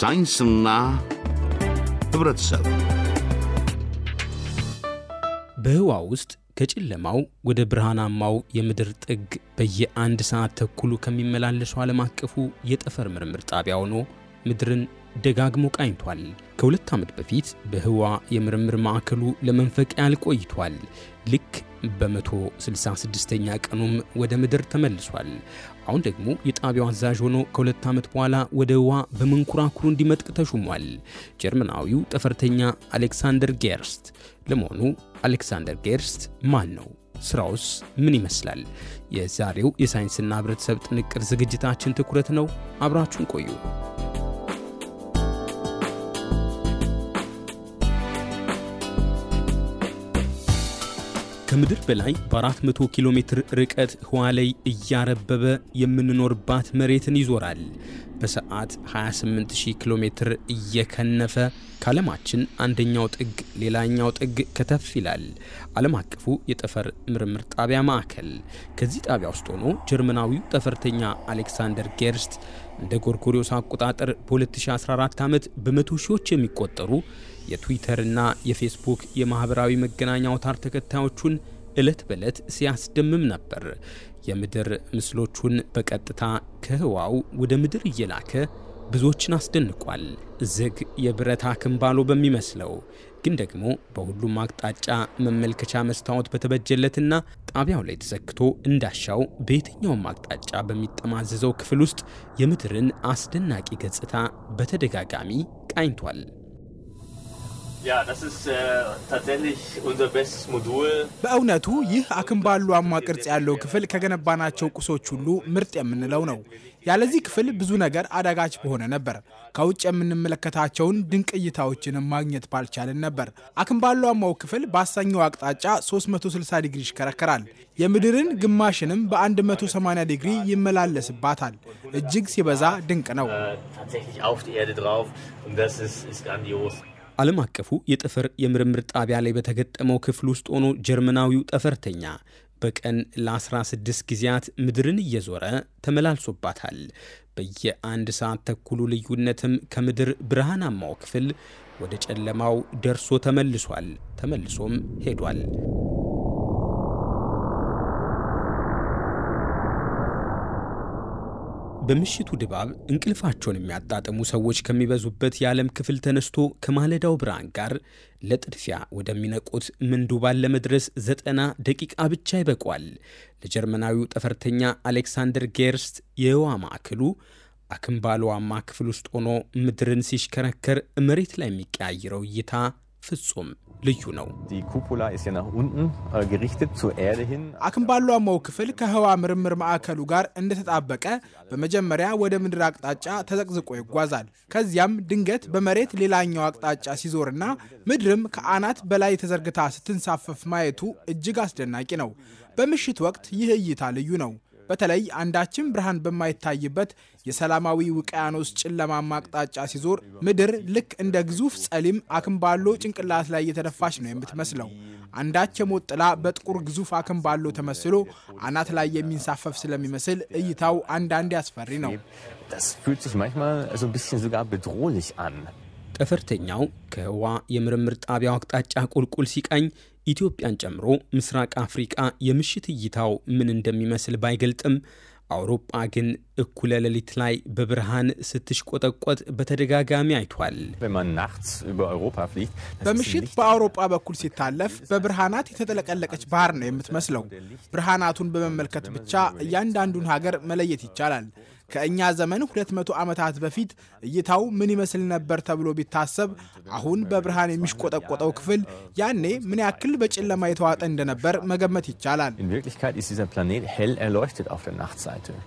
ሳይንስና ህብረተሰብ በህዋ ውስጥ ከጨለማው ወደ ብርሃናማው የምድር ጥግ በየአንድ ሰዓት ተኩሉ ከሚመላለሱ ዓለም አቀፉ የጠፈር ምርምር ጣቢያ ሆኖ ምድርን ደጋግሞ ቃኝቷል። ከሁለት ዓመት በፊት በህዋ የምርምር ማዕከሉ ለመንፈቅ ያህል ቆይቷል። ልክ በ166ኛ ቀኑም ወደ ምድር ተመልሷል። አሁን ደግሞ የጣቢያው አዛዥ ሆኖ ከሁለት ዓመት በኋላ ወደ ህዋ በመንኩራኩሩ እንዲመጥቅ ተሹሟል። ጀርመናዊው ጠፈርተኛ አሌክሳንደር ጌርስት። ለመሆኑ አሌክሳንደር ጌርስት ማን ነው? ስራውስ ምን ይመስላል? የዛሬው የሳይንስና ህብረተሰብ ጥንቅር ዝግጅታችን ትኩረት ነው። አብራችሁን ቆዩ። ከምድር በላይ በ400 ኪሎ ሜትር ርቀት ህዋ ላይ እያረበበ የምንኖርባት መሬትን ይዞራል። በሰዓት 28000 ኪሎ ሜትር እየከነፈ ከዓለማችን አንደኛው ጥግ ሌላኛው ጥግ ከተፍ ይላል። ዓለም አቀፉ የጠፈር ምርምር ጣቢያ ማዕከል። ከዚህ ጣቢያ ውስጥ ሆኖ ጀርመናዊው ጠፈርተኛ አሌክሳንደር ጌርስት እንደ ጎርጎሪዮስ አቆጣጠር በ2014 ዓመት በመቶ ሺዎች የሚቆጠሩ የትዊተርና የፌስቡክ የማኅበራዊ መገናኛ አውታር ተከታዮቹን ዕለት በዕለት ሲያስደምም ነበር። የምድር ምስሎቹን በቀጥታ ከህዋው ወደ ምድር እየላከ ብዙዎችን አስደንቋል። ዝግ የብረት አክንባሎ በሚመስለው ግን ደግሞ በሁሉም አቅጣጫ መመልከቻ መስታወት በተበጀለትና ጣቢያው ላይ ተሰክቶ እንዳሻው በየትኛውም አቅጣጫ በሚጠማዘዘው ክፍል ውስጥ የምድርን አስደናቂ ገጽታ በተደጋጋሚ ቃኝቷል። Äh, በእውነቱ ይህ ባሉ አማ ቅርጽ ያለው ክፍል ከገነባናቸው ቁሶች ሁሉ ምርጥ የምንለው ነው። ያለዚህ ክፍል ብዙ ነገር አዳጋች በሆነ ነበር። ከውጭ የምንመለከታቸውን ድንቅ እይታዎችን ማግኘት ባልቻልን ነበር። አክንባሉ ክፍል በአሳኛው አቅጣጫ 360 ዲግሪ ይሽከረከራል። የምድርን ግማሽንም በ180 ዲግሪ ይመላለስባታል። እጅግ ሲበዛ ድንቅ ነው። äh, ዓለም አቀፉ የጠፈር የምርምር ጣቢያ ላይ በተገጠመው ክፍል ውስጥ ሆኖ ጀርመናዊው ጠፈርተኛ በቀን ለ16 ጊዜያት ምድርን እየዞረ ተመላልሶባታል። በየአንድ ሰዓት ተኩሉ ልዩነትም ከምድር ብርሃናማው ክፍል ወደ ጨለማው ደርሶ ተመልሷል። ተመልሶም ሄዷል። በምሽቱ ድባብ እንቅልፋቸውን የሚያጣጥሙ ሰዎች ከሚበዙበት የዓለም ክፍል ተነስቶ ከማለዳው ብርሃን ጋር ለጥድፊያ ወደሚነቁት ምንዱባን ለመድረስ ዘጠና ደቂቃ ብቻ ይበቋል። ለጀርመናዊው ጠፈርተኛ አሌክሳንደር ጌርስት የህዋ ማዕከሉ አክምባሉዋማ ክፍል ውስጥ ሆኖ ምድርን ሲሽከረከር መሬት ላይ የሚቀያይረው እይታ ፍጹም ልዩ ነው። äh, አክንባሎ አማው ክፍል ከህዋ ምርምር ማዕከሉ ጋር እንደተጣበቀ በመጀመሪያ ወደ ምድር አቅጣጫ ተዘቅዝቆ ይጓዛል። ከዚያም ድንገት በመሬት ሌላኛው አቅጣጫ ሲዞርና ምድርም ከአናት በላይ ተዘርግታ ስትንሳፈፍ ማየቱ እጅግ አስደናቂ ነው። በምሽት ወቅት ይህ እይታ ልዩ ነው። በተለይ አንዳችም ብርሃን በማይታይበት የሰላማዊ ውቅያኖስ ጨለማማ አቅጣጫ ሲዞር ምድር ልክ እንደ ግዙፍ ጸሊም ባለው ጭንቅላት ላይ እየተደፋች ነው የምትመስለው። አንዳች የሞት ጥላ በጥቁር ግዙፍ አክንባሎ ተመስሎ አናት ላይ የሚንሳፈፍ ስለሚመስል እይታው አንዳንድ ያስፈሪ ነው። ጠፈርተኛው ከህዋ የምርምር ጣቢያው አቅጣጫ ቁልቁል ሲቃኝ ኢትዮጵያን ጨምሮ ምስራቅ አፍሪቃ የምሽት እይታው ምን እንደሚመስል ባይገልጥም አውሮፓ ግን እኩለ ሌሊት ላይ በብርሃን ስትሽቆጠቆጥ በተደጋጋሚ አይቷል። በምሽት በአውሮፓ በኩል ሲታለፍ በብርሃናት የተጠለቀለቀች ባህር ነው የምትመስለው። ብርሃናቱን በመመልከት ብቻ እያንዳንዱን ሀገር መለየት ይቻላል። ከእኛ ዘመን 200 ዓመታት በፊት እይታው ምን ይመስል ነበር ተብሎ ቢታሰብ አሁን በብርሃን የሚሽቆጠቆጠው ክፍል ያኔ ምን ያክል በጨለማ የተዋጠ እንደነበር መገመት ይቻላል።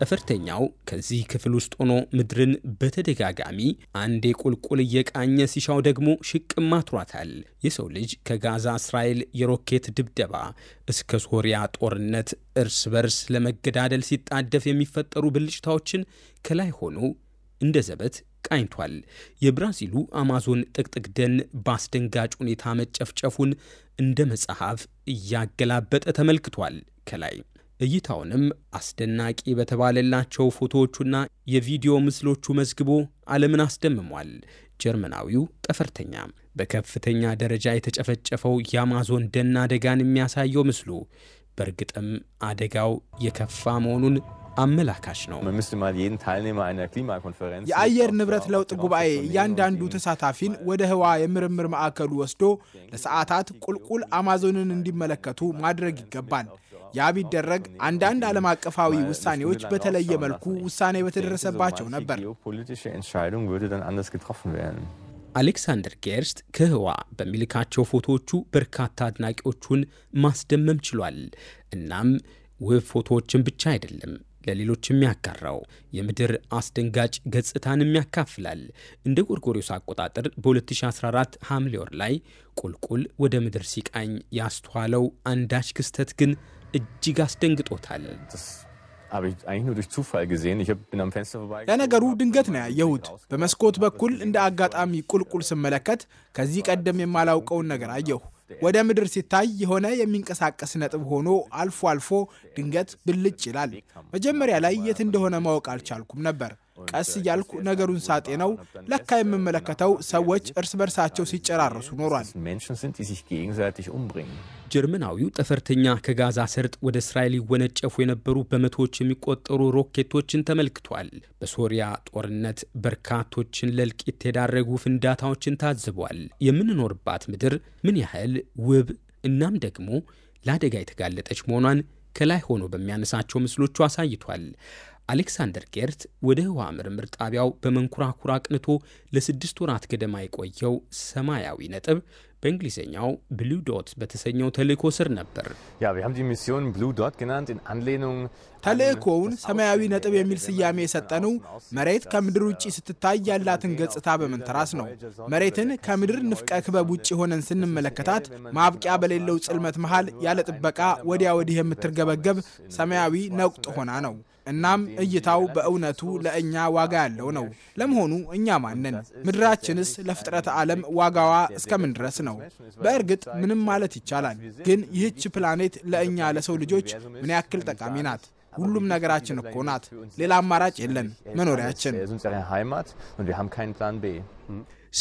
ጠፈርተኛው ከዚህ ክፍል ውስጥ ሆኖ ምድርን በተደጋጋሚ አንዴ ቁልቁል እየቃኘ ሲሻው ደግሞ ሽቅም አትሯታል። የሰው ልጅ ከጋዛ እስራኤል የሮኬት ድብደባ እስከ ሶሪያ ጦርነት እርስ በርስ ለመገዳደል ሲጣደፍ የሚፈጠሩ ብልጭታዎችን ከላይ ሆኖ እንደ ዘበት ቃኝቷል። የብራዚሉ አማዞን ጥቅጥቅ ደን በአስደንጋጭ ሁኔታ መጨፍጨፉን እንደ መጽሐፍ እያገላበጠ ተመልክቷል። ከላይ እይታውንም አስደናቂ በተባለላቸው ፎቶዎቹና የቪዲዮ ምስሎቹ መዝግቦ ዓለምን አስደምሟል። ጀርመናዊው ጠፈርተኛ በከፍተኛ ደረጃ የተጨፈጨፈው የአማዞን ደን አደጋን የሚያሳየው ምስሉ በእርግጥም አደጋው የከፋ መሆኑን አመላካች ነው። የአየር ንብረት ለውጥ ጉባኤ እያንዳንዱ ተሳታፊን ወደ ህዋ የምርምር ማዕከሉ ወስዶ ለሰዓታት ቁልቁል አማዞንን እንዲመለከቱ ማድረግ ይገባል። ያ ቢደረግ አንዳንድ ዓለም አቀፋዊ ውሳኔዎች በተለየ መልኩ ውሳኔ በተደረሰባቸው ነበር። አሌክሳንደር ጌርስት ከህዋ በሚልካቸው ፎቶዎቹ በርካታ አድናቂዎቹን ማስደመም ችሏል። እናም ውብ ፎቶዎችን ብቻ አይደለም ለሌሎች የሚያጋራው የምድር አስደንጋጭ ገጽታንም ያካፍላል። እንደ ጎርጎሪዮስ አቆጣጠር በ2014 ሐምሌ ወር ላይ ቁልቁል ወደ ምድር ሲቃኝ ያስተዋለው አንዳች ክስተት ግን እጅግ አስደንግጦታል። ለነገሩ ድንገት ነው ያየሁት። በመስኮት በኩል እንደ አጋጣሚ ቁልቁል ስመለከት ከዚህ ቀደም የማላውቀውን ነገር አየሁ። ወደ ምድር ሲታይ የሆነ የሚንቀሳቀስ ነጥብ ሆኖ አልፎ አልፎ ድንገት ብልጭ ይላል። መጀመሪያ ላይ የት እንደሆነ ማወቅ አልቻልኩም ነበር። ቀስ እያልኩ ነገሩን ሳጤ ነው ለካ የምመለከተው ሰዎች እርስ በርሳቸው ሲጨራረሱ ኖሯል። ጀርመናዊው ጠፈርተኛ ከጋዛ ሰርጥ ወደ እስራኤል ይወነጨፉ የነበሩ በመቶዎች የሚቆጠሩ ሮኬቶችን ተመልክቷል። በሶሪያ ጦርነት በርካቶችን ለእልቂት የዳረጉ ፍንዳታዎችን ታዝቧል። የምንኖርባት ምድር ምን ያህል ውብ እናም ደግሞ ለአደጋ የተጋለጠች መሆኗን ከላይ ሆኖ በሚያነሳቸው ምስሎቹ አሳይቷል። አሌክሳንደር ጌርት ወደ ህዋ ምርምር ጣቢያው በመንኮራኩር አቅንቶ ለስድስት ወራት ገደማ የቆየው ሰማያዊ ነጥብ በእንግሊዝኛው ብሉ ዶት በተሰኘው ተልእኮ ስር ነበር። ተልእኮውን ሰማያዊ ነጥብ የሚል ስያሜ የሰጠነው መሬት ከምድር ውጭ ስትታይ ያላትን ገጽታ በመንተራስ ነው። መሬትን ከምድር ንፍቀ ክበብ ውጭ ሆነን ስንመለከታት ማብቂያ በሌለው ጽልመት መሃል ያለ ጥበቃ ወዲያ ወዲህ የምትርገበገብ ሰማያዊ ነቁጥ ሆና ነው። እናም እይታው በእውነቱ ለእኛ ዋጋ ያለው ነው። ለመሆኑ እኛ ማንን? ምድራችንስ ለፍጥረት ዓለም ዋጋዋ እስከምን ድረስ ነው? በእርግጥ ምንም ማለት ይቻላል፣ ግን ይህች ፕላኔት ለእኛ ለሰው ልጆች ምን ያክል ጠቃሚ ናት? ሁሉም ነገራችን እኮ ናት። ሌላ አማራጭ የለን፣ መኖሪያችን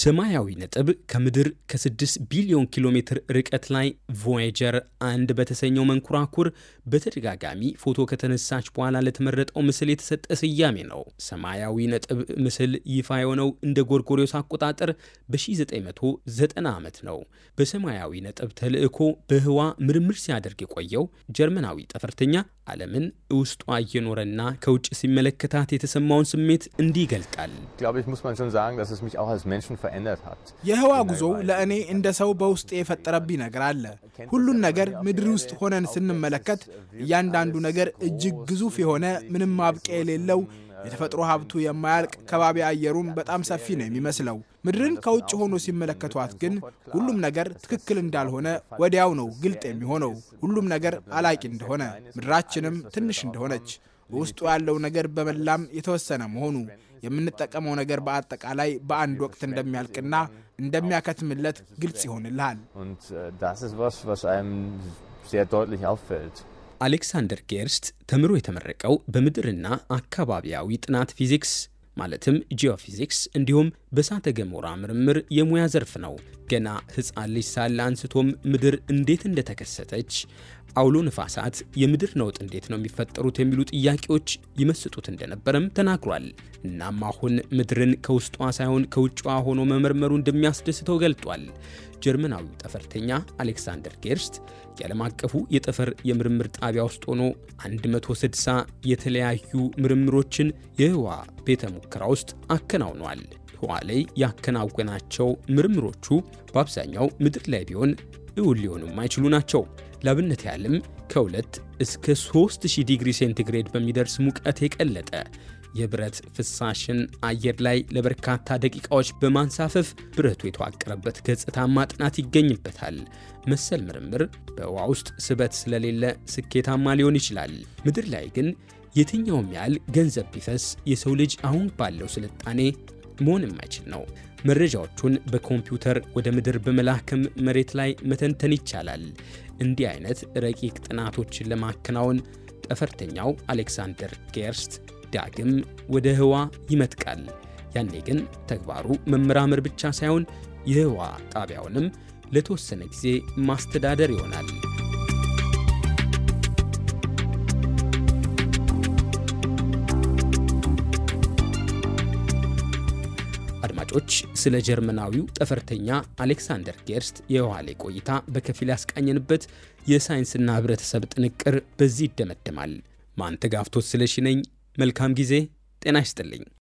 ሰማያዊ ነጥብ ከምድር ከ6 ቢሊዮን ኪሎ ሜትር ርቀት ላይ ቮያጀር አንድ በተሰኘው መንኮራኩር በተደጋጋሚ ፎቶ ከተነሳች በኋላ ለተመረጠው ምስል የተሰጠ ስያሜ ነው። ሰማያዊ ነጥብ ምስል ይፋ የሆነው እንደ ጎርጎሪዮስ አቆጣጠር በ1990 ዓመት ነው። በሰማያዊ ነጥብ ተልዕኮ በህዋ ምርምር ሲያደርግ የቆየው ጀርመናዊ ጠፈርተኛ ዓለምን ውስጧ እየኖረና ከውጭ ሲመለከታት የተሰማውን ስሜት እንዲህ ይገልጣል። የህዋ ጉዞው ለእኔ እንደ ሰው በውስጥ የፈጠረብኝ ነገር አለ። ሁሉን ነገር ምድር ውስጥ ሆነን ስንመለከት እያንዳንዱ ነገር እጅግ ግዙፍ የሆነ ምንም ማብቂያ የሌለው የተፈጥሮ ሀብቱ የማያልቅ ከባቢ አየሩም በጣም ሰፊ ነው የሚመስለው። ምድርን ከውጭ ሆኖ ሲመለከቷት ግን ሁሉም ነገር ትክክል እንዳልሆነ ወዲያው ነው ግልጥ የሚሆነው። ሁሉም ነገር አላቂ እንደሆነ፣ ምድራችንም ትንሽ እንደሆነች በውስጡ ያለው ነገር በመላም የተወሰነ መሆኑ የምንጠቀመው ነገር በአጠቃላይ በአንድ ወቅት እንደሚያልቅና እንደሚያከትምለት ግልጽ ይሆንልሃል። äh, አሌክሳንደር ጌርስት ተምሮ የተመረቀው በምድርና አካባቢያዊ ጥናት ፊዚክስ ማለትም ጂኦፊዚክስ እንዲሁም በእሳተ ገሞራ ምርምር የሙያ ዘርፍ ነው። ገና ሕፃን ልጅ ሳለ አንስቶም ምድር እንዴት እንደተከሰተች፣ አውሎ ነፋሳት፣ የምድር ነውጥ እንዴት ነው የሚፈጠሩት የሚሉ ጥያቄዎች ይመስጡት እንደነበረም ተናግሯል። እናም አሁን ምድርን ከውስጧ ሳይሆን ከውጭዋ ሆኖ መመርመሩ እንደሚያስደስተው ገልጧል። ጀርመናዊ ጠፈርተኛ አሌክሳንደር ጌርስት የዓለም አቀፉ የጠፈር የምርምር ጣቢያ ውስጥ ሆኖ 160 የተለያዩ ምርምሮችን የህዋ ቤተ ሙከራ ውስጥ አከናውኗል። ህዋ ላይ ያከናወናቸው ምርምሮቹ በአብዛኛው ምድር ላይ ቢሆን እውን ሊሆኑ የማይችሉ ናቸው። ላብነት ያህልም ከ2 እስከ 3000 ዲግሪ ሴንቲግሬድ በሚደርስ ሙቀት የቀለጠ የብረት ፍሳሽን አየር ላይ ለበርካታ ደቂቃዎች በማንሳፈፍ ብረቱ የተዋቀረበት ገጽታ ማጥናት ይገኝበታል። መሰል ምርምር በውሃ ውስጥ ስበት ስለሌለ ስኬታማ ሊሆን ይችላል። ምድር ላይ ግን የትኛውም ያህል ገንዘብ ቢፈስ የሰው ልጅ አሁን ባለው ስልጣኔ መሆን የማይችል ነው። መረጃዎቹን በኮምፒውተር ወደ ምድር በመላክም መሬት ላይ መተንተን ይቻላል። እንዲህ አይነት ረቂቅ ጥናቶችን ለማከናወን ጠፈርተኛው አሌክሳንደር ጌርስት ዳግም ወደ ህዋ ይመጥቃል። ያኔ ግን ተግባሩ መመራመር ብቻ ሳይሆን የህዋ ጣቢያውንም ለተወሰነ ጊዜ ማስተዳደር ይሆናል። አድማጮች፣ ስለ ጀርመናዊው ጠፈርተኛ አሌክሳንደር ጌርስት የዋሌ ቆይታ በከፊል ያስቃኘንበት የሳይንስና ህብረተሰብ ጥንቅር በዚህ ይደመደማል። ማንተጋፍቶት ስለሺ ነኝ። መልካም ጊዜ። ጤና ይስጥልኝ።